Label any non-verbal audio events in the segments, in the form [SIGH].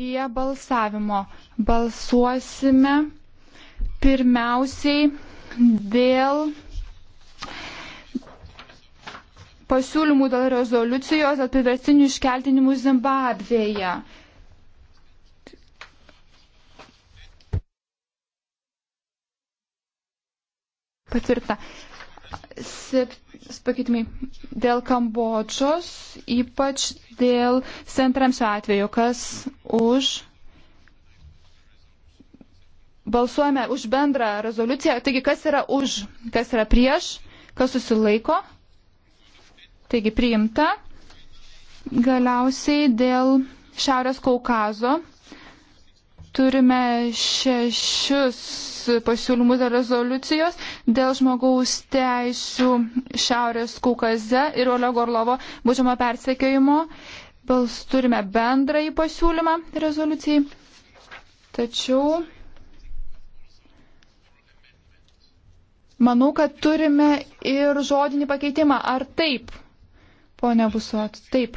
prie balsavimo. Balsuosime pirmiausiai dėl pasiūlymų dėl rezoliucijos apie verstinių iškeltinimų Zimbabvėje. Patvirta. Pakeitimai dėl Kambodžos, ypač dėl centramsio atveju, kas už. Balsuojame už bendrą rezoliuciją. Taigi, kas yra už, kas yra prieš, kas susilaiko. Taigi, priimta. Galiausiai dėl Šiaurės Kaukazo turime šešius pasiūlymus dėl rezoliucijos dėl žmogaus teisų Šiaurės Kaukaze ir Olego Orlovo būdžiamo persekiojimo. Bals turime bendrąjį pasiūlymą rezoliucijai, tačiau manau, kad turime ir žodinį pakeitimą. Ar taip, ponia Busuot, taip.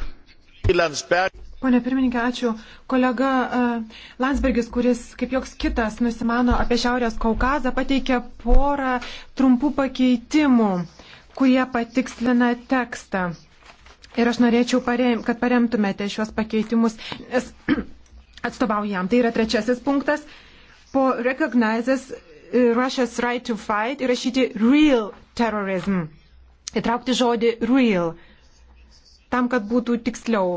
Pone pirmininkė, ačiū. Kolega uh, Landsbergis, kuris kaip joks kitas nusimano apie Šiaurės Kaukazą, pateikė porą trumpų pakeitimų, kurie patikslina tekstą. Ir aš norėčiau, parem, kad paremtumėte šios pakeitimus, nes [CLEARS THROAT] atstovaujam. Tai yra trečiasis punktas. Po recognizes e, Russia's right to fight įrašyti real terrorism. Įtraukti žodį real. Tam, kad būtų tiksliau.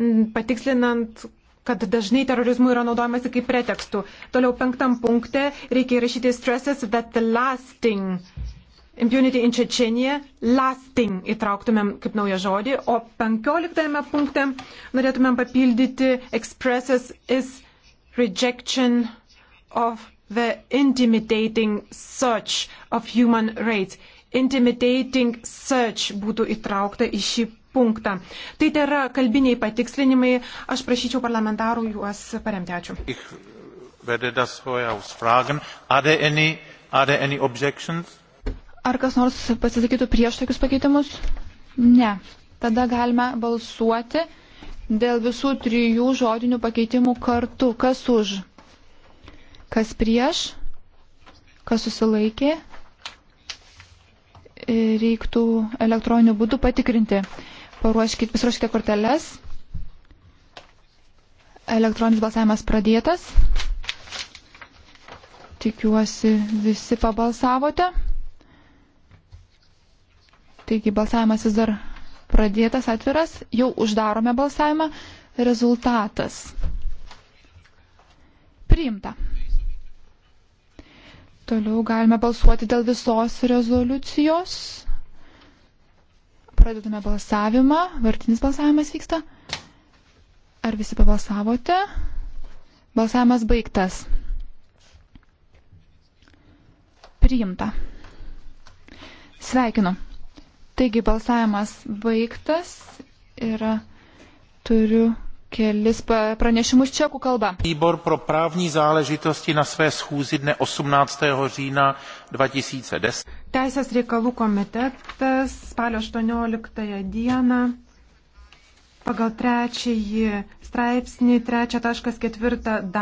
Mm, patikslinant, kad dažnai terorizmų yra naudojamasi kaip pretekstų. Toliau penktam punkte reikia įrašyti stresses that the lasting Impunity in Čečenija, lasting įtrauktumėm kaip naują žodį, o penkioliktame punkte norėtumėm papildyti expresses is rejection of the intimidating search of human rights. Intimidating search būtų įtraukta į šį punktą. Tai tai yra kalbiniai patikslinimai. Aš prašyčiau parlamentarų juos paremti. Ačiū. Ich werde das vorher ausfragen. Are there any, are there any objections? Ar kas nors pasisakytų prieš tokius pakeitimus? Ne. Tada galime balsuoti dėl visų trijų žodinių pakeitimų kartu. Kas už? Kas prieš? Kas susilaikė? Reiktų elektroniniu būdu patikrinti. Paruoškite, pasiruoškite korteles. Elektroninis balsavimas pradėtas. Tikiuosi, visi pabalsavote. Taigi balsavimas vis dar pradėtas, atviras, jau uždarome balsavimą. Rezultatas. Priimta. Toliau galime balsuoti dėl visos rezoliucijos. Pradedame balsavimą. Vartinis balsavimas vyksta. Ar visi pabalsavote? Balsavimas baigtas. Priimta. Sveikinu. Taigi balsavimas baigtas ir turiu kelis pranešimus čekų kalba. Výbor pro právní záležitosti na své schůzi dne 18. října 2010. Teisės reikalų komitetas spalio 18 dieną pagal trečiąjį straipsnį 3.4 dalį.